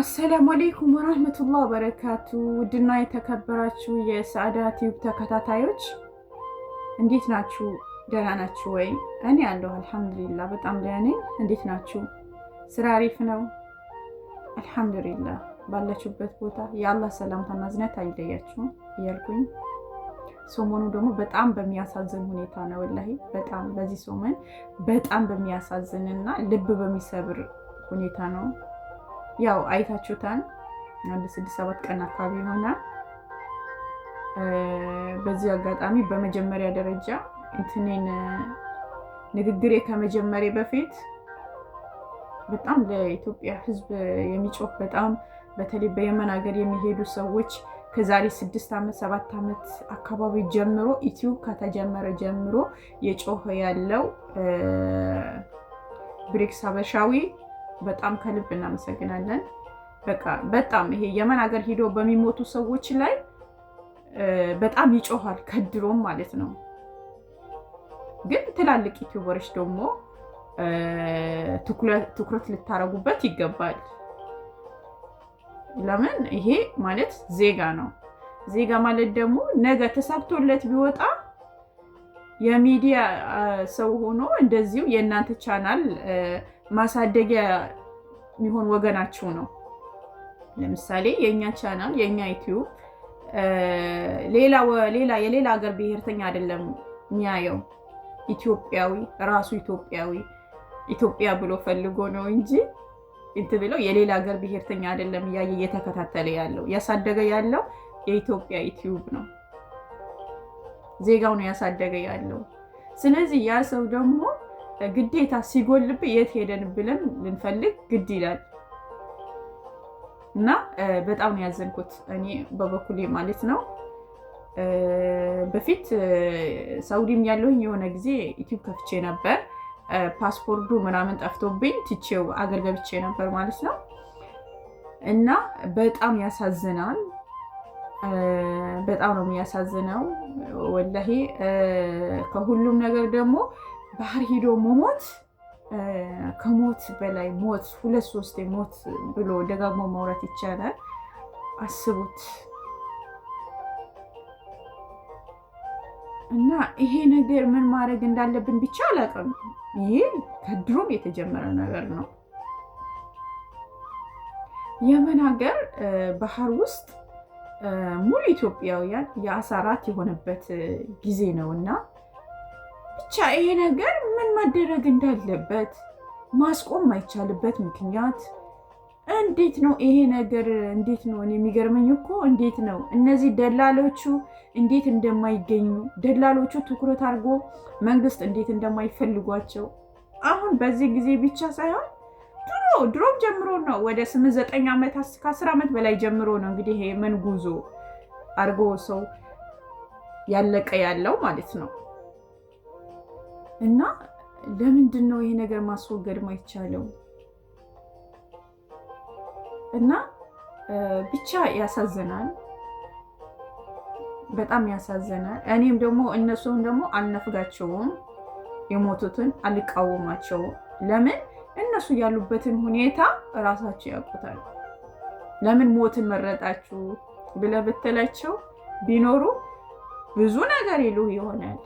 አሰላሙ አለይኩም ወረህመቱላህ በረካቱ። ውድና የተከበራችሁ የሰአዳ ቲዩብ ተከታታዮች እንዴት ናችሁ? ደህና ናችሁ ወይ? እኔ አለሁ አልሐምዱሊላ፣ በጣም ደህና ነኝ። እንዴት ናችሁ? ስራ አሪፍ ነው አልሐምዱሊላ። ባላችሁበት ቦታ የአላህ ሰላምታና እዝነት አይለያችሁም እያልኩኝ ሰሞኑ ደግሞ በጣም በሚያሳዝን ሁኔታ ነው ወላሂ፣ በጣም በዚህ ሰሞን በጣም በሚያሳዝን እና ልብ በሚሰብር ሁኔታ ነው ያው አይታችሁታል። አንድ ስድስት ሰባት ቀን አካባቢ ይሆናል። በዚህ አጋጣሚ በመጀመሪያ ደረጃ እንትኔን ንግግሬ ከመጀመሬ በፊት በጣም ለኢትዮጵያ ሕዝብ የሚጮህ በጣም በተለይ በየመን ሀገር የሚሄዱ ሰዎች ከዛሬ ስድስት ዓመት ሰባት ዓመት አካባቢ ጀምሮ ኢትዮ ከተጀመረ ጀምሮ የጮኸ ያለው ብሬክስ ሀበሻዊ በጣም ከልብ እናመሰግናለን። በቃ በጣም ይሄ የመን ሀገር ሂዶ በሚሞቱ ሰዎች ላይ በጣም ይጮኋል፣ ከድሮም ማለት ነው። ግን ትላልቅ ዩቲዩበሮች ደግሞ ትኩረት ልታረጉበት ይገባል። ለምን ይሄ ማለት ዜጋ ነው። ዜጋ ማለት ደግሞ ነገ ተሰብቶለት ቢወጣ የሚዲያ ሰው ሆኖ እንደዚሁ የእናንተ ቻናል ማሳደጊያ የሚሆን ወገናችሁ ነው። ለምሳሌ የእኛ ቻናል የእኛ ዩቲዩብ ሌላ የሌላ ሀገር ብሔርተኛ አይደለም የሚያየው ኢትዮጵያዊ ራሱ ኢትዮጵያዊ ኢትዮጵያ ብሎ ፈልጎ ነው እንጂ እንትን ብለው የሌላ ሀገር ብሔርተኛ አይደለም እያየ እየተከታተለ ያለው እያሳደገ ያለው የኢትዮጵያ ዩቲዩብ ነው። ዜጋው ነው ያሳደገ ያለው። ስለዚህ ያ ሰው ደግሞ ግዴታ ሲጎልብ የት ሄደን ብለን ልንፈልግ ግድ ይላል እና በጣም ነው ያዘንኩት እኔ በበኩሌ ማለት ነው። በፊት ሳውዲም ያለሁኝ የሆነ ጊዜ ዩቲዩብ ከፍቼ ነበር። ፓስፖርቱ ምናምን ጠፍቶብኝ ትቼው አገር ገብቼ ነበር ማለት ነው። እና በጣም ያሳዝናል። በጣም ነው የሚያሳዝነው። ወላሂ ከሁሉም ነገር ደግሞ ባህር ሂዶ መሞት ከሞት በላይ ሞት፣ ሁለት ሶስቴ ሞት ብሎ ደጋግሞ ማውራት ይቻላል። አስቡት እና ይሄ ነገር ምን ማድረግ እንዳለብን ብቻ አላውቅም። ይህ ከድሮም የተጀመረ ነገር ነው። የመን ሀገር ባህር ውስጥ ሙሉ ኢትዮጵያውያን የአሳ እራት የሆነበት ጊዜ ነው እና ብቻ ይሄ ነገር ምን መደረግ እንዳለበት ማስቆም ማይቻልበት ምክንያት እንዴት ነው ይሄ ነገር እንዴት ነው? እኔ የሚገርመኝ እኮ እንዴት ነው እነዚህ ደላሎቹ እንዴት እንደማይገኙ ደላሎቹ ትኩረት አድርጎ መንግስት እንዴት እንደማይፈልጓቸው አሁን በዚህ ጊዜ ብቻ ሳይሆን ድሮም ጀምሮ ነው። ወደ ስምንት ዘጠኝ ዓመት ከአስር ዓመት በላይ ጀምሮ ነው እንግዲህ ምን ጉዞ አድርጎ ሰው ያለቀ ያለው ማለት ነው። እና ለምንድን ነው ይሄ ነገር ማስወገድ ማይቻለው? እና ብቻ ያሳዝናል፣ በጣም ያሳዝናል። እኔም ደግሞ እነሱን ደግሞ አልነፍጋቸውም፣ የሞቱትን አልቃወማቸውም። ለምን እነሱ ያሉበትን ሁኔታ እራሳቸው ያውቁታል። ለምን ሞትን መረጣችሁ ብለህ ብትላቸው ቢኖሩ ብዙ ነገር ይሉ ይሆናል።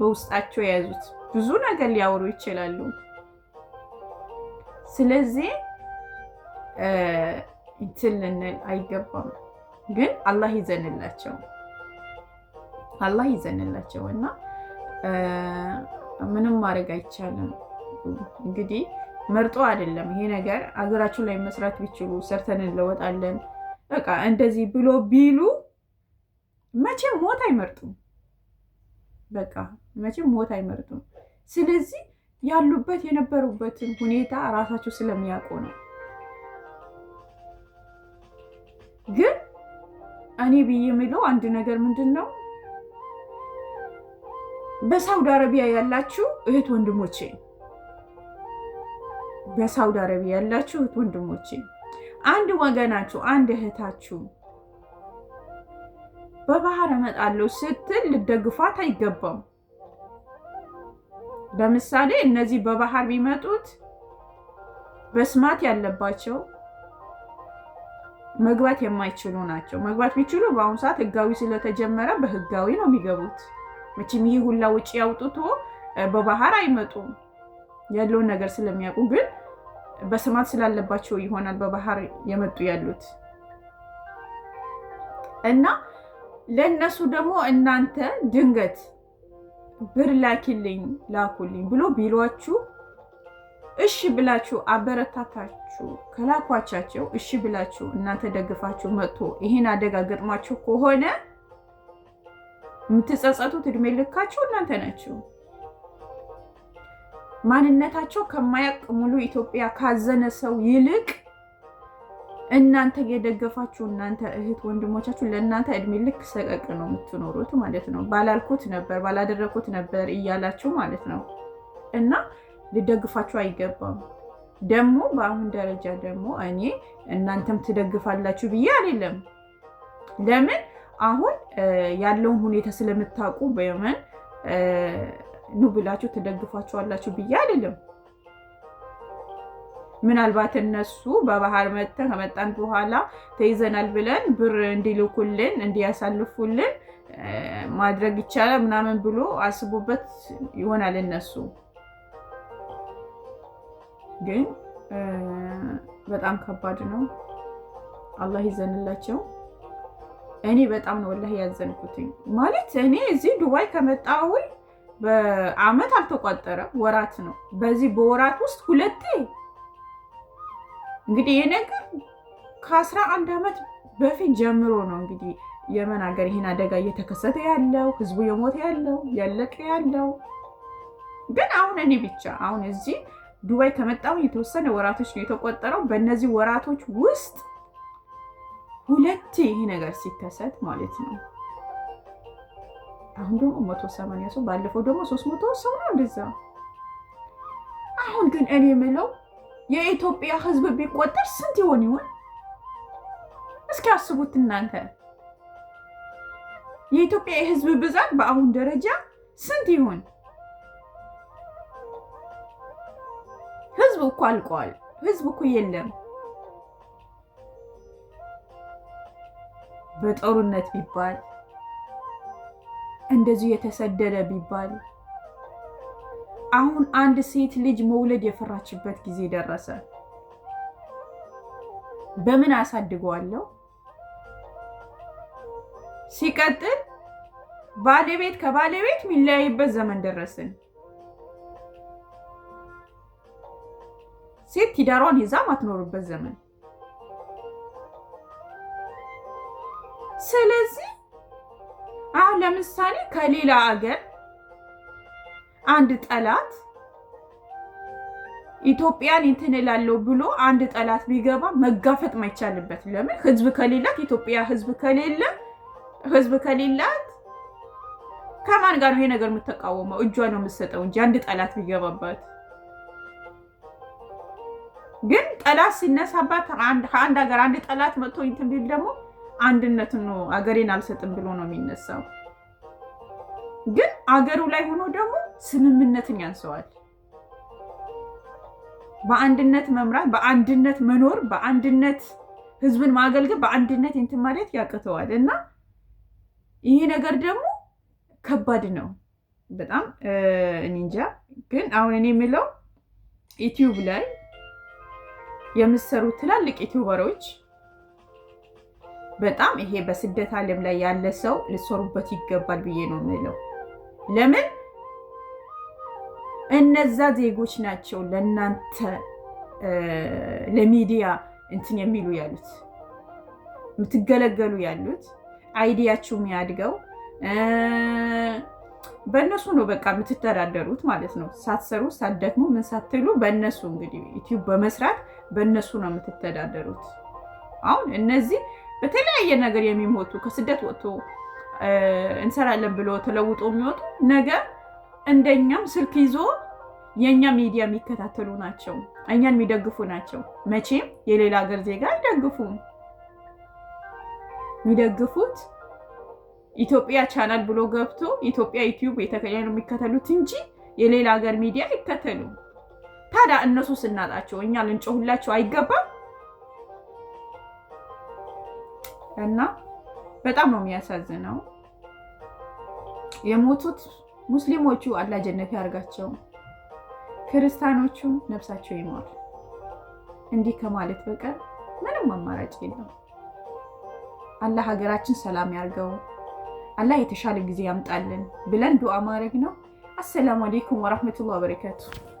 በውስጣቸው የያዙት ብዙ ነገር ሊያወሩ ይችላሉ። ስለዚህ እንትን ልንል አይገባም። ግን አላህ ይዘንላቸው አላህ ይዘንላቸው እና ምንም ማድረግ አይቻልም እንግዲህ መርጦ አይደለም ይሄ ነገር አገራችን ላይ መስራት ቢችሉ ሰርተን እንለወጣለን በቃ እንደዚህ ብሎ ቢሉ መቼም ሞት አይመርጡም። በቃ መቼም ሞት አይመርጡም። ስለዚህ ያሉበት የነበሩበትን ሁኔታ ራሳቸው ስለሚያውቁ ነው። ግን እኔ ብዬ የምለው አንድ ነገር ምንድን ነው፣ በሳውዲ አረቢያ ያላችሁ እህት ወንድሞቼ በሳውዲ አረቢያ ያላችሁት ወንድሞቼ፣ አንድ ወገናችሁ አንድ እህታችሁ በባህር እመጣለሁ ስትል ልደግፏት አይገባም። ለምሳሌ እነዚህ በባህር ቢመጡት በስማት ያለባቸው መግባት የማይችሉ ናቸው። መግባት ቢችሉ በአሁኑ ሰዓት ህጋዊ ስለተጀመረ በህጋዊ ነው የሚገቡት። መቼም ይህ ሁላ ውጭ ያውጥቶ በባህር አይመጡም። ያለውን ነገር ስለሚያውቁ ግን በስማት ስላለባቸው ይሆናል በባህር የመጡ ያሉት እና ለእነሱ ደግሞ እናንተ ድንገት ብር ላኪልኝ ላኩልኝ ብሎ ቢሏችሁ እሺ ብላችሁ አበረታታችሁ ከላኳቻቸው እሺ ብላችሁ እናንተ ደግፋችሁ መጥቶ ይህን አደጋ ገጥማችሁ ከሆነ የምትጸጸቱት እድሜ ልካችሁ እናንተ ናችሁ። ማንነታቸው ከማያውቅ ሙሉ ኢትዮጵያ ካዘነ ሰው ይልቅ እናንተ የደገፋችሁ እናንተ እህት ወንድሞቻችሁ ለእናንተ እድሜ ልክ ሰቀቅ ነው የምትኖሩት ማለት ነው። ባላልኩት ነበር ባላደረኩት ነበር እያላችሁ ማለት ነው። እና ልደግፋችሁ አይገባም። ደግሞ በአሁን ደረጃ ደግሞ እኔ እናንተም ትደግፋላችሁ ብዬ አይደለም። ለምን አሁን ያለውን ሁኔታ ስለምታውቁ በየመን ኑ ብላችሁ ትደግፏቸዋላችሁ ብዬ አይደለም። ምናልባት እነሱ በባህር መጥተን ከመጣን በኋላ ተይዘናል ብለን ብር እንዲልኩልን እንዲያሳልፉልን ማድረግ ይቻላል ምናምን ብሎ አስቡበት ይሆናል። እነሱ ግን በጣም ከባድ ነው። አላህ ይዘንላቸው። እኔ በጣም ነው ወላሂ ያዘንኩትኝ። ማለት እኔ እዚህ ዱባይ ከመጣሁኝ በአመት አልተቋጠረም፣ ወራት ነው። በዚህ በወራት ውስጥ ሁለቴ እንግዲህ ይሄ ነገር ከአስራ አንድ ዓመት በፊት ጀምሮ ነው እንግዲህ የመን ሀገር ይህን አደጋ እየተከሰተ ያለው ህዝቡ የሞተ ያለው ያለቀ ያለው ግን አሁን እኔ ብቻ አሁን እዚህ ዱባይ ከመጣሁ የተወሰነ ወራቶች ነው የተቆጠረው። በእነዚህ ወራቶች ውስጥ ሁለቴ ይህ ነገር ሲከሰት ማለት ነው አሁን ደግሞ መቶ ሰማንያ ሰው ባለፈው ደግሞ ሶስት መቶ ሰው ነው እንደዛ። አሁን ግን እኔ የምለው የኢትዮጵያ ህዝብ ቢቆጠር ስንት ይሆን ይሆን? እስኪ አስቡት እናንተ የኢትዮጵያ የህዝብ ብዛት በአሁን ደረጃ ስንት ይሆን? ህዝብ እኮ አልቀዋል። ህዝብ እኮ የለም። በጦርነት ቢባል እንደዚሁ የተሰደደ ቢባል አሁን አንድ ሴት ልጅ መውለድ የፈራችበት ጊዜ ደረሰ። በምን አሳድገዋለሁ? ሲቀጥል ባለቤት ከባለቤት የሚለያይበት ዘመን ደረስን። ሴት ትዳሯን ይዛ ማትኖርበት ዘመን ስለዚህ ለምሳሌ ከሌላ አገር አንድ ጠላት ኢትዮጵያን እንትን እላለሁ ብሎ አንድ ጠላት ቢገባ መጋፈጥ ማይቻልበት ለምን? ህዝብ ከሌላት ኢትዮጵያ ህዝብ ከሌለ ህዝብ ከሌላት ከማን ጋር ነው ይሄ ነገር የምትቃወመው? እጇ ነው የምትሰጠው እንጂ አንድ ጠላት ቢገባባት። ግን ጠላት ሲነሳባት ከአንድ ሀገር አንድ ጠላት መጥቶ እንትን ቢል ደግሞ አንድነት ነው አገሬን አልሰጥም ብሎ ነው የሚነሳው። ግን አገሩ ላይ ሆኖ ደግሞ ስምምነትን ያንሰዋል። በአንድነት መምራት፣ በአንድነት መኖር፣ በአንድነት ህዝብን ማገልገል፣ በአንድነት እንትን ማለት ያቅተዋል እና ይሄ ነገር ደግሞ ከባድ ነው በጣም እንጃ። ግን አሁን እኔ የምለው ዩቲዩብ ላይ የምሰሩ ትላልቅ ዩቲዩበሮች በጣም ይሄ በስደት ዓለም ላይ ያለ ሰው ልሰሩበት ይገባል ብዬ ነው የምለው። ለምን እነዛ ዜጎች ናቸው ለእናንተ ለሚዲያ እንትን የሚሉ ያሉት የምትገለገሉ ያሉት አይዲያችሁ የሚያድገው በእነሱ ነው። በቃ የምትተዳደሩት ማለት ነው። ሳትሰሩ ሳትደክሙ ምን ሳትሉ በእነሱ እንግዲህ ዩቲዩብ በመስራት በእነሱ ነው የምትተዳደሩት። አሁን እነዚህ በተለያየ ነገር የሚሞቱ ከስደት ወጥቶ እንሰራለን ብሎ ተለውጦ የሚወጡ ነገር እንደኛም ስልክ ይዞ የእኛ ሚዲያ የሚከታተሉ ናቸው፣ እኛን የሚደግፉ ናቸው። መቼም የሌላ ሀገር ዜጋ አይደግፉም። የሚደግፉት ኢትዮጵያ ቻናል ብሎ ገብቶ ኢትዮጵያ ዩቲዩብ የተከያ ነው የሚከተሉት እንጂ የሌላ ሀገር ሚዲያ ይከተሉ። ታዲያ እነሱ ስናጣቸው እኛ ልንጮሁላቸው አይገባም እና በጣም ነው የሚያሳዝነው። የሞቱት ሙስሊሞቹ አላህ ጀነት ያርጋቸው፣ ክርስቲያኖቹ ነፍሳቸው ይማር። እንዲህ ከማለት በቀር ምንም አማራጭ የለም። አላህ ሀገራችን ሰላም ያርገው፣ አላህ የተሻለ ጊዜ ያምጣልን ብለን ዱዓ ማድረግ ነው። አሰላሙ አሌይኩም ወራህመቱላህ በረካቱ